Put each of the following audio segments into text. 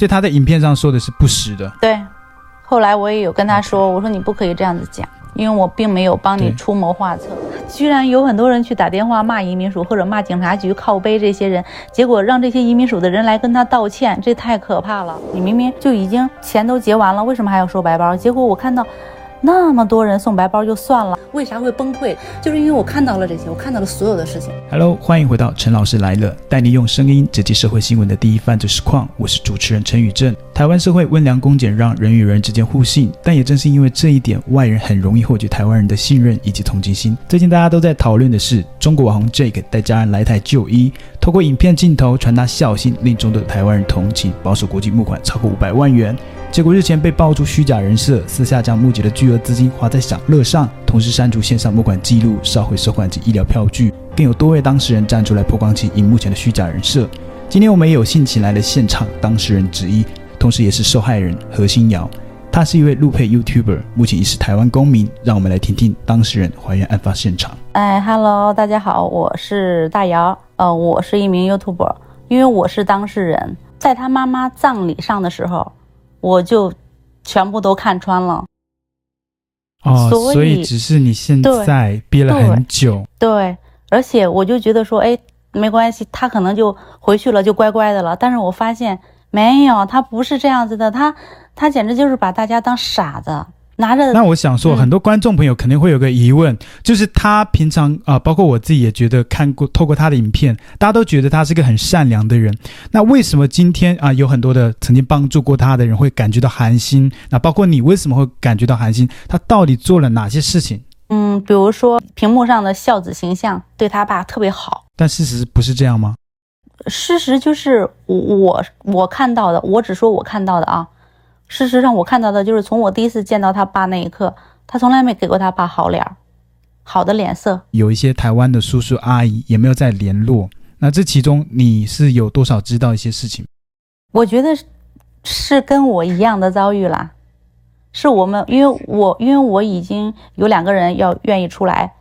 所以他在影片上說的是不實的。對，後來我也有跟他說，我說你不可以這樣子講，因為我並沒有幫你出謀劃策。對居然，有很多人去打電話罵移民署或者罵警察局，靠背這些人，結果讓這些移民署的人來跟他道歉，這太可怕了！你明明就已經錢都結完了，為什麼還要收白包？結果我看到。那麼多人送白包就算了，為啥會崩潰？就是因為我看到了這些，我看到了所有的事情。Hello，歡迎回到陳老師來了，帶你用聲音解析社會新聞的第一犯罪實況，我是主持人陳宇正。台灣社會溫良恭儉讓，人與人之間互信，但也正是因為這一點，外人很容易獲取台灣人的信任以及同情心。最近大家都在討論的是，中國網紅 Jake 帶家人來台就醫，透過影片鏡頭傳達孝心，令眾多的台灣人同情，保守國際募款超過五百萬元。結果日前被爆出虛假人設，私下將募集的巨額資金花在享樂上，同時刪除線上募款記錄，燒毀收款及醫療票據，更有多位當事人站出來曝光其螢幕前的虛假人設。今天我們有幸請來了現場當事人之一，同時也是受害人何新瑤，她是一位陸配 YouTuber，目前已是台灣公民。讓我們來聽聽當事人還原案發現場。哎，哈嘍，大家好，我是大瑤，呃，我是一名 YouTuber，因為我是當事人，在他媽媽葬禮上的時候。我就全部都看穿了，哦，所以，所以只是你現在憋了很久，對，對，對，而且我就覺得說，哎，沒關係，他可能就回去了，就乖乖的了。但是我發現沒有，他不是這樣子的，他他簡直就是把大家當傻子。那我想說，很多觀眾朋友肯定會有個疑問，嗯、就是他平常啊、呃，包括我自己也覺得看過，透過他的影片，大家都覺得他是個很善良的人。那為什麼今天啊、呃，有很多的曾經幫助過他的人會感覺到寒心？那包括你為什麼會感覺到寒心？他到底做了哪些事情？嗯，比如說屏幕上的孝子形象，對他爸特別好，但事實不是這樣嗎？事實就是我我我看到的，我只說我看到的啊。事實上，我看到的就是從我第一次見到他爸那一刻，他從來沒給過他爸好臉兒，好的臉色。有一些台灣的叔叔阿姨也沒有再聯絡。那這其中你是有多少知道一些事情？我覺得是跟我一樣的遭遇啦，是我們因為我因為我已經有兩個人要願意出來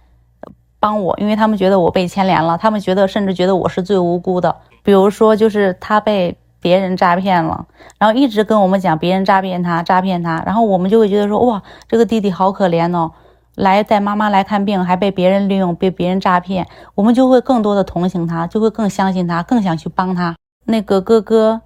幫我，因為他們覺得我被牽連了，他們覺得甚至覺得我是最無辜的。比如說，就是他被。別人詐騙了，然後一直跟我們講別人詐騙他，詐騙他，然後我們就會覺得說哇，這個弟弟好可憐哦，來帶媽媽來看病，還被別人利用，被別人詐騙，我們就會更多的同情他，就會更相信他，更想去幫他。那個哥哥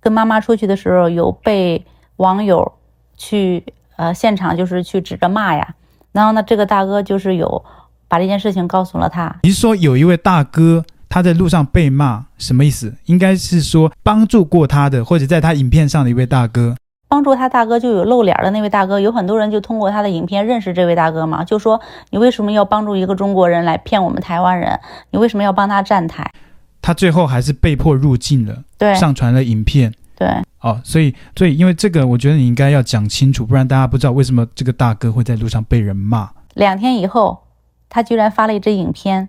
跟媽媽出去的時候，有被網友去呃現場就是去指着罵呀，然後呢，這個大哥就是有把這件事情告訴了他。你說有一位大哥，他在路上被罵什麼意思？應該是說幫助過他的，或者在他影片上的一位大哥，幫助他大哥就有露臉的那位大哥。有很多人就通過他的影片認識這位大哥嘛，就說你為什麼要幫助一個中國人來騙我們台灣人？你為什麼要幫他站台？他最後還是被迫入境了，對，上傳了影片，對，哦，所以，所以因為這個，我覺得你應該要講清楚，不然大家不知道為什麼這個大哥會在路上被人罵。兩天以後，他居然發了一支影片。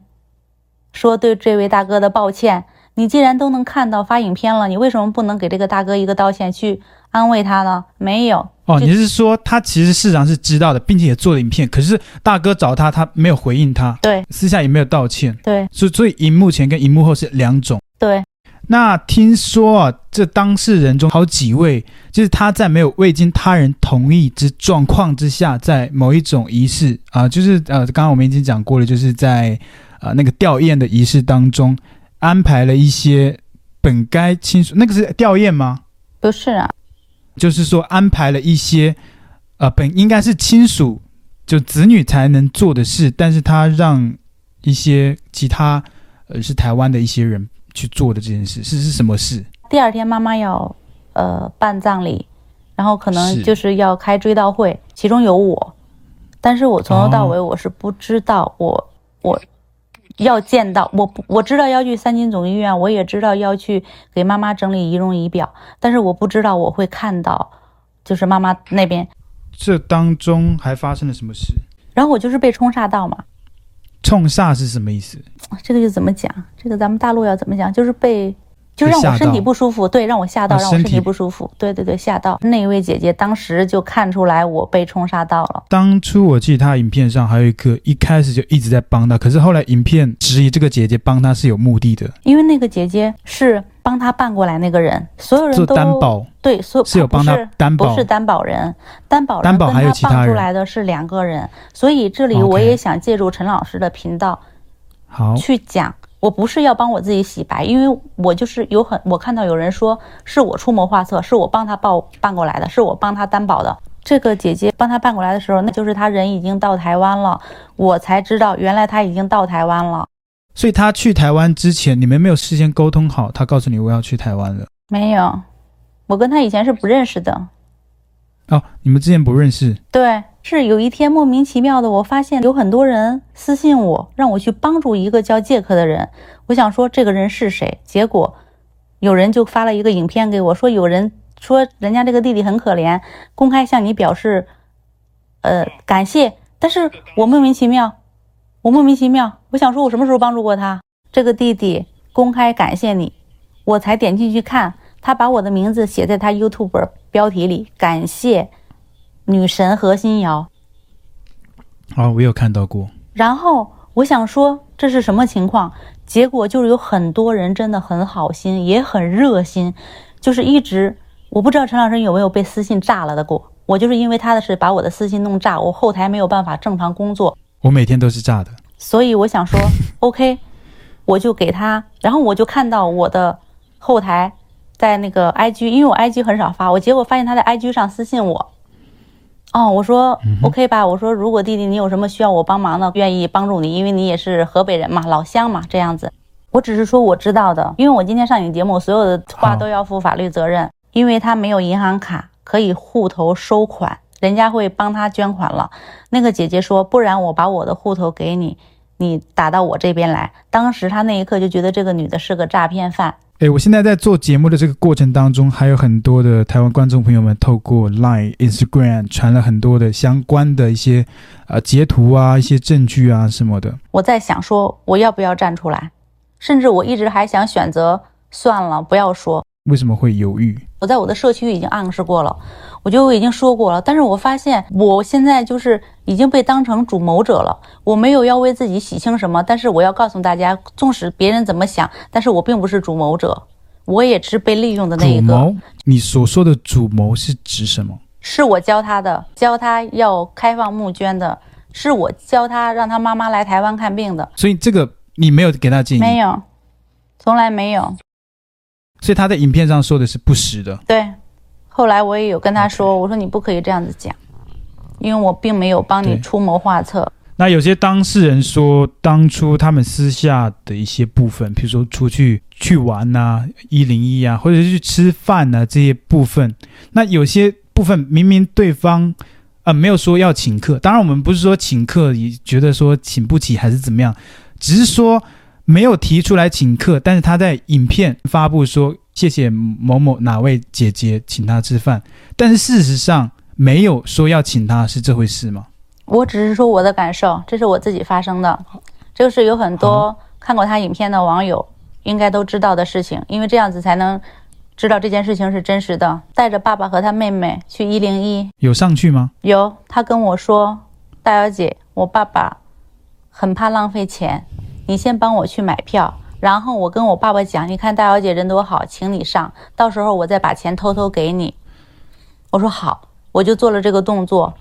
說對這位大哥的抱歉，你既然都能看到發影片了，你為什麼不能給這個大哥一個道歉去安慰他呢？沒有哦，你是說他其實事實上是知道的，並且也做了影片，可是大哥找他，他沒有回應他，對，私下也沒有道歉，對，所以，所以，熒幕前跟熒幕後是兩種，對。那聽說啊，這當事人中好幾位，就是他在沒有未經他人同意之狀況之下，在某一種儀式啊、呃，就是呃，剛剛我們已經講過了，就是在啊、呃、那個吊唁的儀式當中，安排了一些本該親屬，那個是吊唁嗎？不是啊，就是說安排了一些呃本應該是親屬就子女才能做的事，但是他讓一些其他呃是台灣的一些人。去做的這件事是是什麼事？第二天媽媽要，呃，辦葬禮，然後可能就是要開追悼會，是其中有我。但是我從頭到尾我是不知道我，我、哦、我要見到我，我知道要去三軍總醫院，我也知道要去給媽媽整理儀容儀表，但是我不知道我會看到，就是媽媽那邊。這當中還發生了什麼事？然後我就是被沖煞到嘛。沖煞是什麼意思？這個就怎麼講？這個咱們大陸要怎麼講？就是被，就讓我身體不舒服。對，讓我嚇到，啊、讓我身體不舒服。身體。對，對，對，嚇到。那一位姐姐當時就看出來我被沖煞到了。當初我記得他影片上還有一個，一開始就一直在幫他，可是後來影片質疑這個姐姐幫他是有目的的，因為那個姐姐是。幫他辦過來那個人，所有人都是擔保，對，所有有幫他擔保，不是擔保人，擔保擔保還有他辦出來的是兩個人，人所以這裡我也想借助陳老師的頻道，好去講，Okay. 好，我不是要幫我自己洗白，因為我就是有很，我看到有人說是我出謀劃策，是我幫他報辦過來的，是我幫他擔保的，這個姐姐幫他辦過來的時候，那就是他人已經到台灣了，我才知道原來他已經到台灣了。所以他去台灣之前，你們沒有事先溝通好，他告訴你我要去台灣了。沒有，我跟他以前是不認識的。哦，你們之前不認識？對，是有一天莫名其妙的，我發現有很多人私信我，讓我去幫助一個叫杰克的人。我想說這個人是誰，結果有人就發了一個影片給我，說有人說人家這個弟弟很可憐，公開向你表示，呃，感謝。但是我莫名其妙。我莫名其妙，我想說，我什麼時候幫助過他？這個弟弟公開感謝你，我才點進去看，他把我的名字寫在他 YouTube 標題裡，感謝女神何新瑤。哦，我有看到過。然後我想說這是什麼情況？結果就是有很多人真的很好心，也很熱心，就是一直，我不知道陳老師有沒有被私信炸了的過？我就是因為他的事把我的私信弄炸，我後台沒有辦法正常工作。我每天都是炸的，所以我想說 ，OK，我就給他，然後我就看到我的後台在那個 IG，因為我 IG 很少發，我結果發現他在 IG 上私信我，哦，我說、嗯、哼 OK 吧，我說，如果弟弟你有什麼需要我幫忙的，願意幫助你，因為你也是河北人嘛，老鄉嘛這樣子，我只是說我知道的，因為我今天上你的節目，所有的話都要負法律責任，好因為他沒有銀行卡，可以戶頭收款。人家會幫他捐款了。那個姐姐說：“不然我把我的戶頭給你，你打到我這邊來。”當時他那一刻就覺得這個女的是個詐騙犯。誒、哎，我現在在做節目的這個過程當中，還有很多的台灣觀眾朋友們透過 Line、Instagram 傳了很多的相關的一些，呃，截圖啊，一些證據啊什麼的。我在想說，我要不要站出來？甚至我一直還想選擇算了，不要說。為什麼會猶豫？我在我的社區已經暗示過了。我就已經說過了，但是我發現我現在就是已經被當成主謀者了。我沒有要為自己洗清什麼，但是我要告訴大家，縱使別人怎麼想，但是我並不是主謀者，我也是被利用的那一個。主謀，你所說的主謀是指什麼？是我教他的，教他要開放募捐的，是我教他讓他媽媽來台灣看病的。所以這個你沒有給他建議？沒有，從來沒有。所以他在影片上說的是不實的。對。後來我也有跟他說，Okay. 我說，你不可以這樣子講，因為我並沒有幫你出謀劃策。那有些當事人說，當初他們私下的一些部分，比如說出去去玩吶、啊、一零一啊，或者是去吃飯吶、啊、這些部分，那有些部分明明對方啊、呃、沒有說要請客，當然我們不是說請客也覺得說請不起還是怎麼樣，只是說沒有提出來請客，但是他在影片發布說。謝謝某某哪位姐姐請他吃飯，但是事實上沒有說要請他是這回事嗎？我只是說我的感受，這是我自己發生的，這、就、個是有很多看過他影片的網友應該都知道的事情，因為這樣子才能知道這件事情是真實的。帶着爸爸和他妹妹去一零一，有上去嗎？有，他跟我說：“大小姐，我爸爸很怕浪費錢，你先幫我去買票。”然後我跟我爸爸講：“你看大小姐人多好，請你上，到時候我再把錢偷偷給你。”我說好，我就做了這個動作。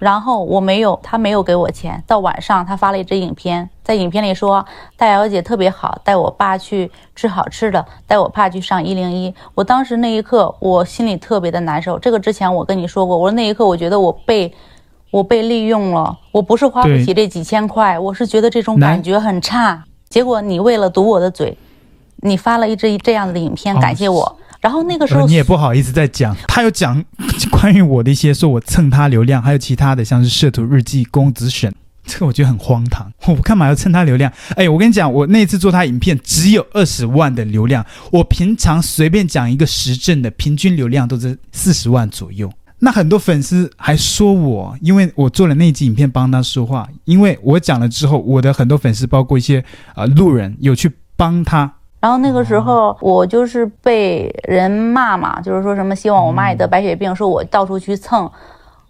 然後我沒有，他沒有給我錢。到晚上，他發了一支影片，在影片裡說大小姐特別好，帶我爸去吃好吃的，帶我爸去上一零一。我當時那一刻，我心裡特別的難受。這個之前我跟你說過，我說那一刻我覺得我被我被利用了。我不是花不起這幾千塊，對我是覺得這種感覺很差。結果你為了堵我的嘴，你發了一支這樣的影片感謝我，哦、然後那個時候你也不好意思再講，他又講關於我的一些，說我蹭他流量，還有其他的像是攝徒日記公子沈，這個我覺得很荒唐，我幹嘛要蹭他流量？哎，我跟你講，我那次做他影片只有二十萬的流量，我平常隨便講一個時政的，平均流量都是四十萬左右。那很多粉絲還說我，因為我做了那一集影片幫他說話，因為我講了之後，我的很多粉絲包括一些啊、呃、路人有去幫他。然後那個時候我就是被人罵嘛，哦、就是說什麼希望我媽也得白血病，哦、說我到處去蹭，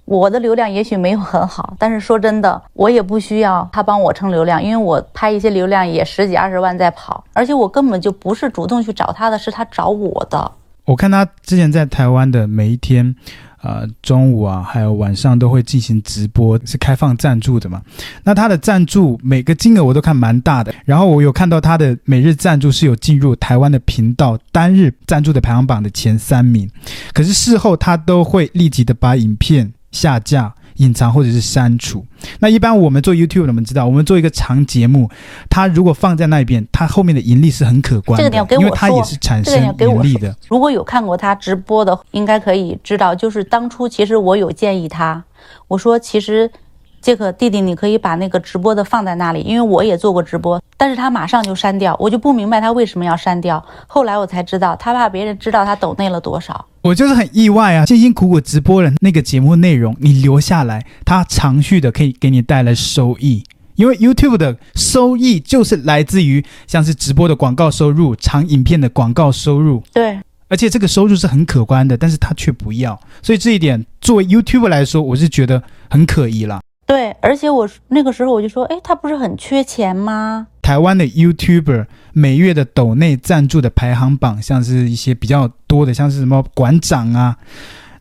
我的流量也許沒有很好，但是說真的，我也不需要他幫我蹭流量，因為我拍一些流量也十幾二十萬在跑，而且我根本就不是主動去找他的，是他找我的。我看他之前在台灣的每一天。呃，中午啊，還有晚上都會進行直播，是開放贊助的嘛。那他的贊助每個金額我都看蠻大的，然後我有看到他的每日贊助是有進入台灣的頻道單日贊助的排行榜的前三名，可是事後他都會立即的把影片下架，隱藏或者是刪除。那一般我們做 YouTube 的，我們知道，我們做一個長節目，它如果放在那一邊，它後面的盈利，是很可觀的，因為它也是產生盈利的。如果有看過他直播的，應該可以知道，就是當初其實我有建議他，我說其實，傑克弟弟，你可以把那個直播的放在那裡，因為我也做過直播。但是他馬上就刪掉，我就不明白他為什麼要刪掉。後來我才知道，他怕別人知道他抖內了多少。我就是很意外啊！辛辛苦苦直播了那個節目內容，你留下來，他長續的可以給你帶來收益，因為 YouTube 的收益就是來自於像是直播的廣告收入、長影片的廣告收入。對，而且這個收入是很可觀的，但是他卻不要，所以這一點作為 YouTuber 來說，我是覺得很可疑了。對，而且我那個時候我就說，誒，他不是很缺錢嗎？台灣的 YouTuber 每月的抖內贊助的排行榜，像是一些比較多的，像是什麼館長啊。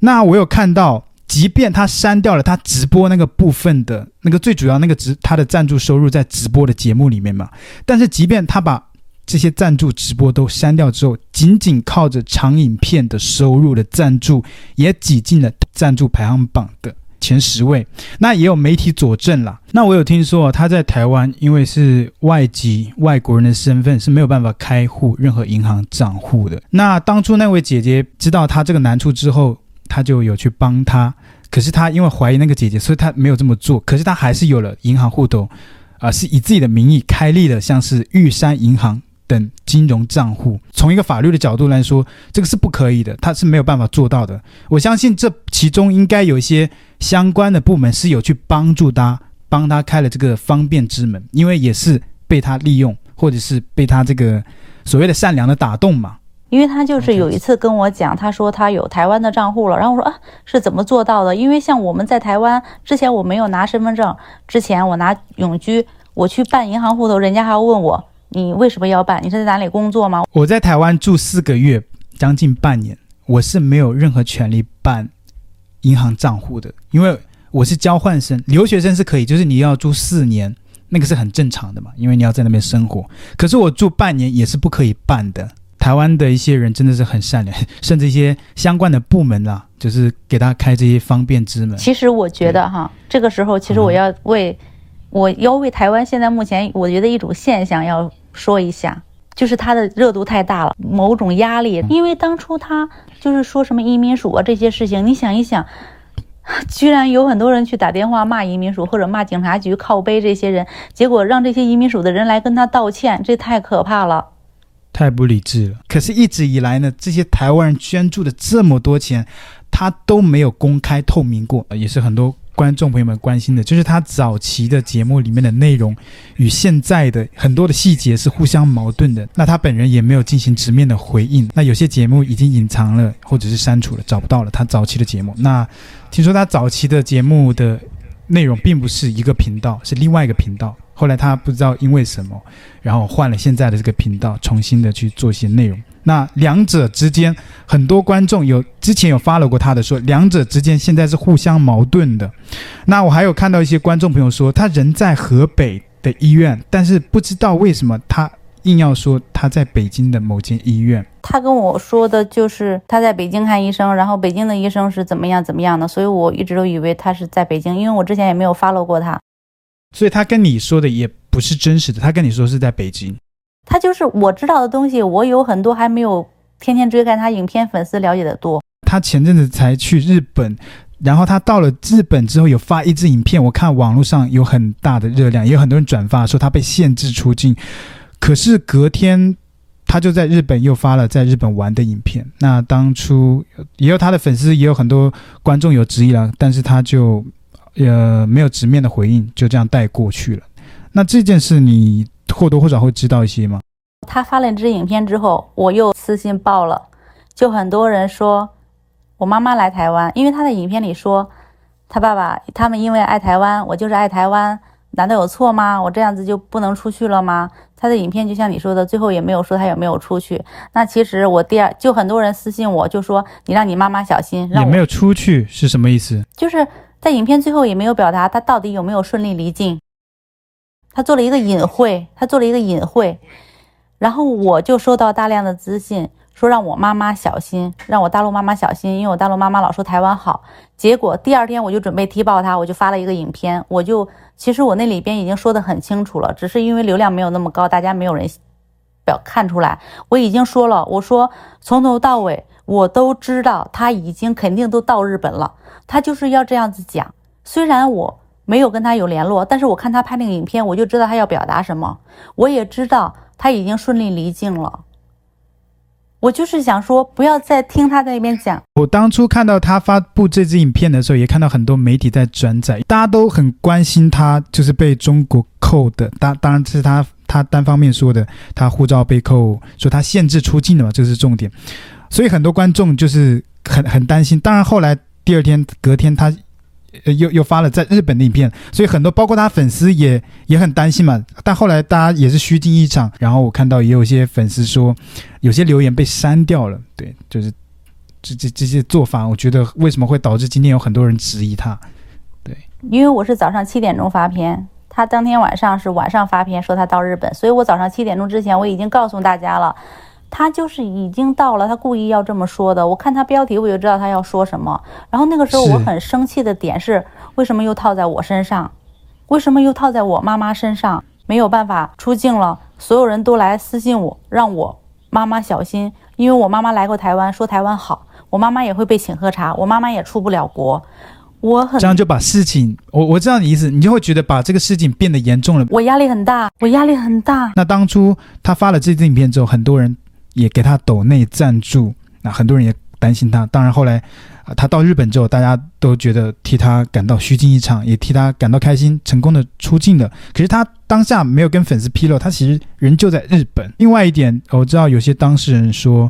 那我有看到，即便他刪掉了他直播那個部分的那個最主要那個直，他的贊助收入在直播的節目裡面嘛，但是即便他把這些贊助直播都刪掉之後，僅僅靠着長影片的收入的贊助，也擠進了贊助排行榜的。前十位，那也有媒體佐證了。那我有聽說他在台灣，因為是外籍外國人的身份是沒有辦法開戶任何銀行賬戶的。那當初那位姐姐知道他這個難處之後，他就有去幫他。可是他因為懷疑那個姐姐，所以他沒有這麼做。可是他還是有了銀行戶頭，啊、呃，是以自己的名義開立的，像是玉山銀行。等金融賬戶，從一個法律的角度來說，這個是不可以的，他是沒有辦法做到的。我相信這其中應該有一些相關的部門是有去幫助他，幫他開了這個方便之門，因為也是被他利用，或者是被他這個所謂的善良的打動嘛。因為他就是有一次跟我講，他說他有台灣的賬戶了，然後我說啊，是怎麼做到的？因為像我們在台灣，之前我沒有拿身份證，之前我拿永居，我去辦銀行戶頭，人家還要問我，你為什麼要辦？你是在哪裡工作嗎？我在台灣住四個月，將近半年，我是沒有任何權利辦銀行賬戶的，因為我是交換生，留學生是可以，就是你要住四年，那個是很正常的嘛，因為你要在那邊生活。可是我住半年也是不可以辦的。台灣的一些人真的是很善良，甚至一些相關的部門啦、啊，就是給他開這些方便之門。其實我覺得哈，對這個時候其實我要為，嗯、我要為台灣現在目前我覺得一種現象要說一下，就是他的熱度太大了，某種壓力。因為當初他就是說什麼移民署啊這些事情，你想一想，居然有很多人去打電話罵移民署或者罵警察局、靠背這些人，結果讓這些移民署的人來跟他道歉，這太可怕了，太不理智了。可是，一直以來呢，這些台灣人捐助的這麼多錢，他都沒有公開透明過，也是很多。觀眾朋友們關心的就是他早期的節目裡面的內容與現在的很多的細節是互相矛盾的。那他本人也沒有進行直面的回應。那有些節目已經隱藏了，或者是刪除了，找不到了他早期的節目。那聽說他早期的節目的內容並不是一個頻道，是另外一個頻道。後來他不知道因為什麼，然後換了現在的這個頻道，重新的去做一些內容。那兩者之間，很多觀眾有之前有 follow 過他的說，兩者之間現在是互相矛盾的。那我還有看到一些觀眾朋友說，他人在河北的醫院，但是不知道為什麼他硬要說他在北京的某間醫院。他跟我說的就是他在北京看醫生，然後北京的醫生是怎麼樣怎麼樣的，所以我一直都以為他是在北京，因為我之前也沒有 follow 過他。所以他跟你說的也不是真實的，他跟你說是在北京。他就是我知道的東西，我有很多還沒有天天追看他影片、粉絲了解的多。他前陣子才去日本，然後他到了日本之後有發一支影片，我看網絡上有很大的熱量，也有很多人轉發說他被限制出境。可是隔天他就在日本又發了在日本玩的影片。那當初也有他的粉絲，也有很多觀眾有質疑了，但是他就呃沒有直面的回應，就這樣帶過去了。那這件事你？或多或少會知道一些嗎？他發了一支影片之後，我又私信爆了，就很多人說，我媽媽來台灣，因為他在影片裡說，他爸爸他們因為愛台灣，我就是愛台灣，難道有錯嗎？我這樣子就不能出去了嗎？他的影片就像你說的，最後也沒有說他有沒有出去。那其實我第二就很多人私信我就說，你讓你媽媽小心。你沒有出去是什麼意思？就是在影片最後也沒有表達他到底有沒有順利離境。他做了一個，隱晦，他做了一個隱晦，然後我就收到大量的私信，說讓我媽媽小心，讓我大陸媽媽小心，因為我大陸媽媽老說台灣好。結果第二天我就準備踢爆他，我就發了一個影片，我就其實我那裡邊已經說得很清楚了，只是因為流量沒有那麼高，大家沒有人表看出來。我已經說了，我說從頭到尾我都知道，他已經肯定都到日本了，他就是要這樣子講，雖然我。沒有跟他有聯絡，但是我看他拍那個影片，我就知道他要表達什麼。我也知道他已經順利離境了。我就是想說，不要再聽他在那邊講。我當初看到他發布這支影片的時候，也看到很多媒體在轉載，大家都很關心他，就是被中國扣的。當當然，這是他他單方面說的，他護照被扣，說他限制出境了嘛，這是重點。所以很多觀眾就是很很擔心。當然後來第二天隔天他。又又發了在日本的影片，所以很多包括他粉絲也也很擔心嘛。但後來大家也是虛驚一場，然後我看到也有些粉絲說，有些留言被刪掉了。對，就是這這這些做法，我覺得為什麼會導致今天有很多人質疑他？對，因為我是早上七點鐘發片，他當天晚上是晚上發片說他到日本，所以我早上七點鐘之前我已經告訴大家了。他就是已經到了，他故意要這麼說的。我看他標題，我就知道他要說什麼。然後那個時候我很生氣的點是，為什麼又套在我身上？為什麼又套在我媽媽身上？沒有辦法出境了，所有人都來私信我，讓我媽媽小心，因為我媽媽來過台灣，說台灣好。我媽媽也會被請喝茶，我媽媽也出不了國。我很這樣就把事情，我我這樣的意思，你就會覺得把這個事情變得嚴重了。我壓力很大，我壓力很大。那當初他發了這支影片之後，很多人。也給他抖內贊助，那很多人也擔心他。當然後來，啊、呃，他到日本之後，大家都覺得替他感到虛驚一場，也替他感到開心，成功的出境了。可是他當下沒有跟粉絲披露，他其實人就在日本。另外一點，哦、我知道有些當事人說，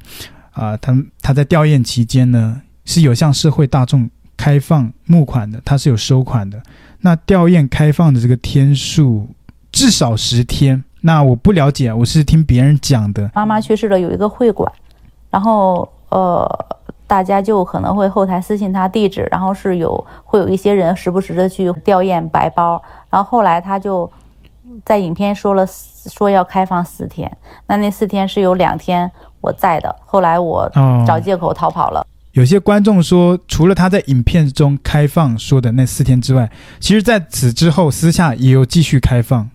啊、呃，他他在吊唁期間呢，是有向社會大眾開放募款的，他是有收款的。那吊唁開放的這個天數，至少十天。那我不了解，我是聽別人講的。媽媽去世了，有一個會館，然後呃，大家就可能會後台私信他地址，然後是有會有一些人時不時的去吊唁、白包，然後後來他就在影片說了說要開放四天，那那四天是有兩天我在的，後來我找借口逃跑了。哦，有些觀眾說，除了他在影片中開放說的那四天之外，其實在此之後私下也有繼續開放。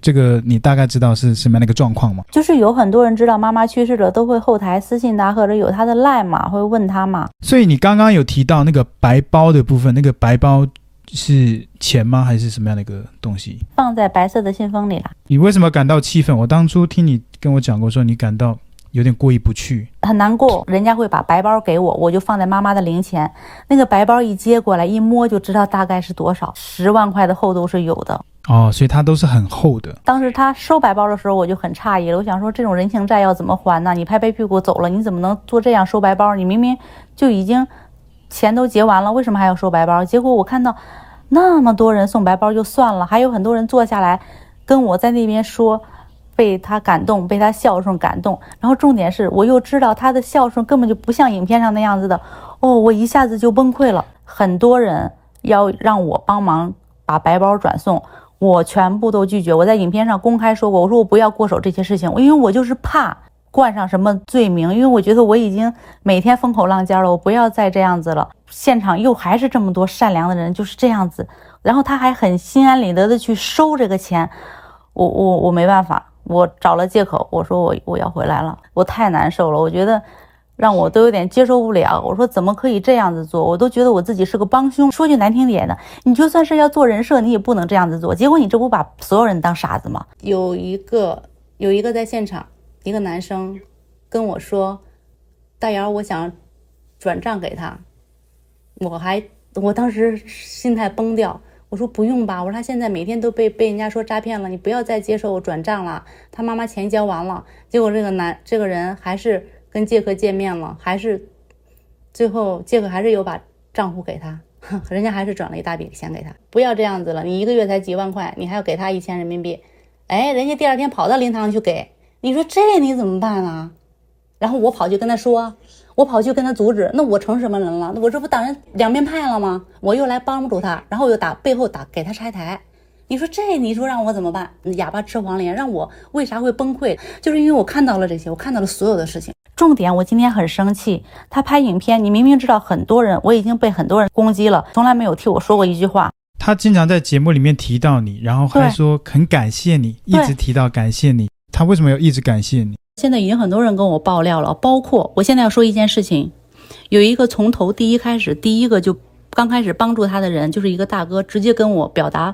這個你大概知道是什麼樣的一個狀況嗎？就是有很多人知道媽媽去世了，都會後台私信她，或者有他的 LINE 嘛，會問他嘛。所以你剛剛有提到那個白包的部分，那個白包是錢嗎？還是什麼樣的一個東西？放在白色的信封裡了，啊。你為什麼感到氣憤？我當初聽你跟我講過，說你感到有點過意不去。很難過，人家會把白包給我，我就放在媽媽的靈前。那個白包一接過來，一摸就知道大概是多少，十萬塊的厚度是有的。哦，所以他都是很厚的。當時他收白包的時候，我就很詫異了。我想說，這種人情債要怎麼還呢？你拍拍屁股走了，你怎麼能做這樣收白包？你明明就已經錢都結完了，為什麼還要收白包？結果我看到那麼多人送白包就算了，還有很多人坐下來跟我在那邊說，被他感動，被他孝順感動。然後重點是，我又知道他的孝順根本就不像影片上那樣子的。哦，我一下子就崩潰了。很多人要讓我幫忙把白包轉送。我全部都拒絕。我在影片上公開說過，我說，我不要過手這些事情，因為我就是怕冠上什麼罪名。因為我覺得我已經每天風口浪尖了，我不要再這樣子了。現場又還是這麼多善良的人，就是這樣子。然後他還很心安理得的去收這個錢，我我我沒辦法，我找了借口，我說我我要回來了，我太難受了，我覺得。讓我都有點接受不了。我說怎麼可以這樣子做？我都覺得我自己是個幫兇。說句難聽點的，你就算是要做人設，你也不能這樣子做。結果你這不把所有人當傻子嗎？有一個有一個在現場，一個男生跟我說：“大瑤，我想轉賬給他。”我還我當時心態崩掉，我說不用吧，我說他現在每天都被被人家說詐騙了，你不要再接受我轉賬了。他媽媽錢交完了，結果這個男這個人還是。跟杰克見面了，還是最後杰克還是有把賬戶給他，人家還是轉了一大筆錢給他。不要這樣子了，你一個月才幾萬塊，你還要給他一千人民幣，哎，人家第二天跑到靈堂去給，你說這你怎麼辦啊？然後我跑去跟他說，我跑去跟他阻止，那我成什麼人了？我這不當人兩面派了嗎？我又來幫助他，然後又打背後打給他拆台。你說這，你說讓我怎麼辦？啞巴吃黃連，讓我為啥會崩潰？就是因為我看到了這些，我看到了所有的事情。重點，我今天很生氣。他拍影片，你明明知道很多人，我已經被很多人攻擊了，從來沒有替我說過一句話。他經常在節目裡面提到你，然後還說很感謝你，對一直提到感謝你。對他為什麼要一直感謝你？現在已經很多人跟我爆料了，包括我現在要說一件事情，有一個從頭第一開始，第一個就剛開始幫助他的人，就是一個大哥，直接跟我表達。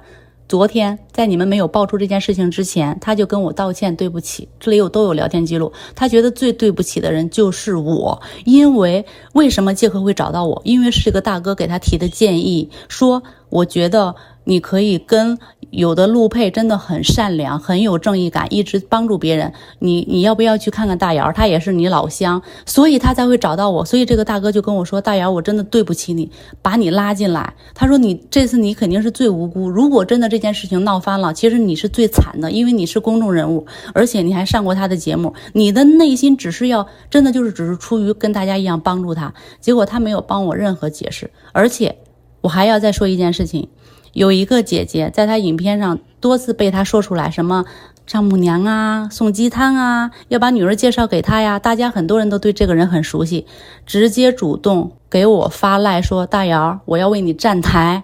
昨天，在你們沒有爆出這件事情之前，他就跟我道歉，對不起。這裡有都有聊天記錄。他覺得最對不起的人就是我，因為為什麼傑克會找到我？因為是這個大哥給他提的建議，說我覺得。你可以跟有的陸配真的很善良，很有正義感，一直幫助別人。你你要不要去看看大姚？他也是你老鄉，所以他才會找到我。所以這個大哥就跟我說：“大姚，我真的對不起你，把你拉進來。”他說你：“你這次你肯定是最無辜。如果真的這件事情鬧翻了，其實你是最慘的，因為你是公眾人物，而且你還上過他的節目。你的內心只是要真的就是只是出於跟大家一樣幫助他，結果他沒有幫我任何解釋。而且我還要再說一件事情。”有一個姐姐，在她影片上多次被她說出來，什麼丈母娘啊，送雞湯啊，要把女兒介紹給他呀。大家很多人都對這個人很熟悉，直接主動給我發賴說：“大姚，我要為你站台，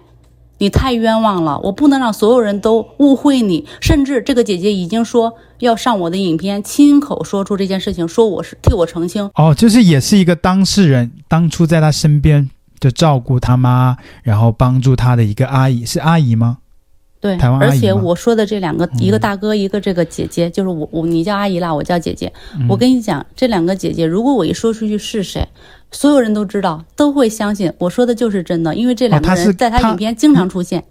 你太冤枉了，我不能讓所有人都誤會你。”甚至這個姐姐已經說要上我的影片，親口說出這件事情，說我是替我澄清。哦，就是也是一個當事人，當初在她身邊。就照顧他媽，然後幫助他的一個阿姨，是阿姨嗎？台灣阿姨嗎？對，台灣阿姨。而且我說的這兩個，嗯、一個大哥，一個這個姐姐，就是我，我你叫阿姨啦，我叫姐姐。嗯、我跟你講，這兩個姐姐，如果我一說出去是誰，所有人都知道，都會相信我說的就是真的，因為這兩個人在他影片經常出現，啊、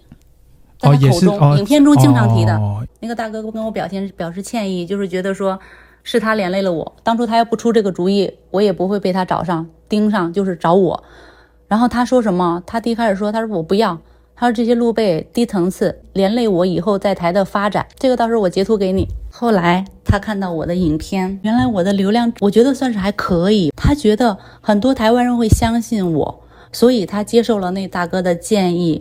他是他在他口中、哦哦、影片中經常提的。哦、那個大哥跟我表現表示歉意，就是覺得說是他連累了我，當初他要不出這個主意，我也不會被他找上盯上，就是找我。然後他說什麼？他第一開始說，他說我不要，他說這些露背低層次連累我以後在台的發展。這個到時候我截圖給你。後來他看到我的影片，原來我的流量，我覺得算是還可以。他覺得很多台灣人會相信我，所以他接受了那大哥的建議，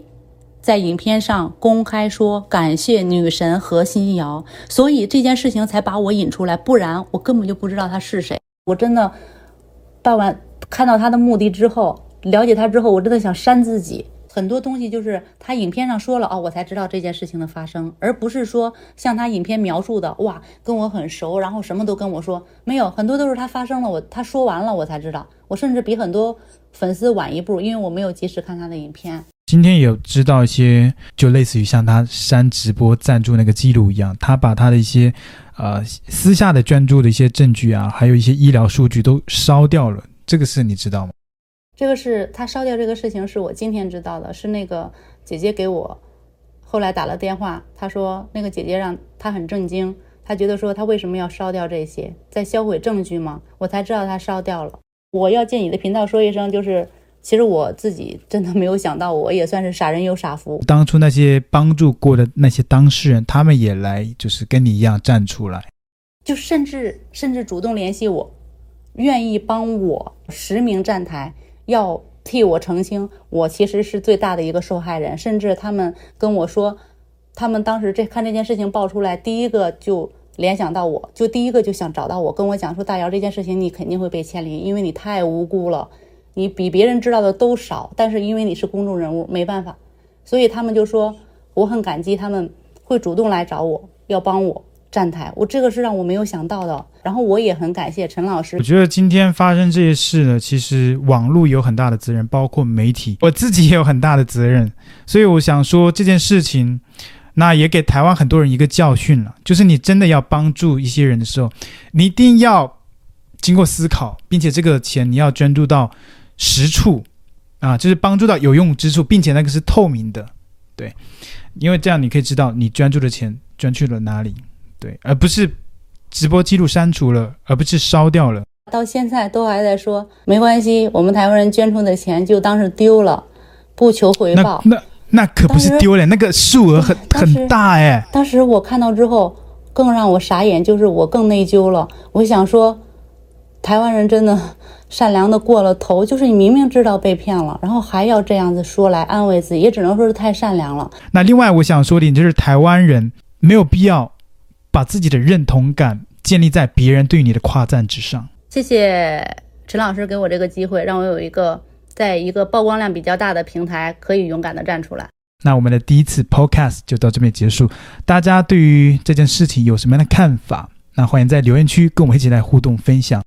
在影片上公開說感謝女神何新瑤。所以這件事情才把我引出來，不然我根本就不知道他是誰。我真的辦完看到他的目的之後。了解他之後，我真的想扇自己。很多東西就是他影片上說了哦，我才知道這件事情的發生，而不是說像他影片描述的哇，跟我很熟，然後什麼都跟我說。沒有，很多都是他發生了，我他說完了我才知道。我甚至比很多粉絲晚一步，因為我沒有及時看他的影片。今天有知道一些，就類似於像他刪直播贊助那個記錄一樣，他把他的一些，呃，私下的捐助的一些證據啊，還有一些醫療數據都燒掉了。這個事你知道嗎？這個是他燒掉這個事情，是我今天知道的，是那個姐姐給我後來打了電話，她說那個姐姐讓她很震驚，她覺得說她為什麼要燒掉這些，在銷毀證據嗎？我才知道她燒掉了。我要借你的頻道說一聲，就是其實我自己真的沒有想到，我也算是傻人有傻福。當初那些幫助過的那些當事人，他們也來就是跟你一樣站出來，就甚至甚至主動聯繫我，願意幫我實名站台。要替我澄清，我其實是最大的一個受害人。甚至他們跟我說，他們當時這看這件事情爆出來，第一個就聯想到我，就第一個就想找到我，跟我講說，大姚這件事情你肯定會被牽連，因為你太無辜了，你比別人知道的都少。但是因為你是公眾人物，沒辦法，所以他們就說我很感激他們會主動來找我，要幫我。站台，我這個是讓我沒有想到的。然後我也很感謝陳老師。我覺得今天發生這些事呢，其實網絡有很大的責任，包括媒體，我自己也有很大的責任。所以我想說這件事情，那也給台灣很多人一個教訓了，就是你真的要幫助一些人的時候，你一定要經過思考，並且這個錢你要捐助到實處，啊，就是幫助到有用之處，並且那個是透明的，對，因為這樣你可以知道你捐助的錢捐去了哪裡。對，而不是直播記錄刪除了，而不是燒掉了。到現在都還在說沒關係，我們台灣人捐出的錢就當是丟了，不求回報。那那，那可不是丟了，當時那個數額很當時很大哎。當時我看到之後，更讓我傻眼，就是我更內疚了。我想說，台灣人真的善良的過了頭，就是你明明知道被騙了，然後還要這樣子說來安慰自己，也只能說是太善良了。那另外我想說的，你就是台灣人沒有必要，把自己的認同感建立在別人對你的誇讚之上。謝謝陳老師給我這個機會，讓我有一個在一個曝光量比較大的平台，可以勇敢的站出來。那我們的第一次 Podcast 就到這邊結束。大家對於這件事情有什麼樣的看法？那歡迎在留言區跟我們一起來互動分享。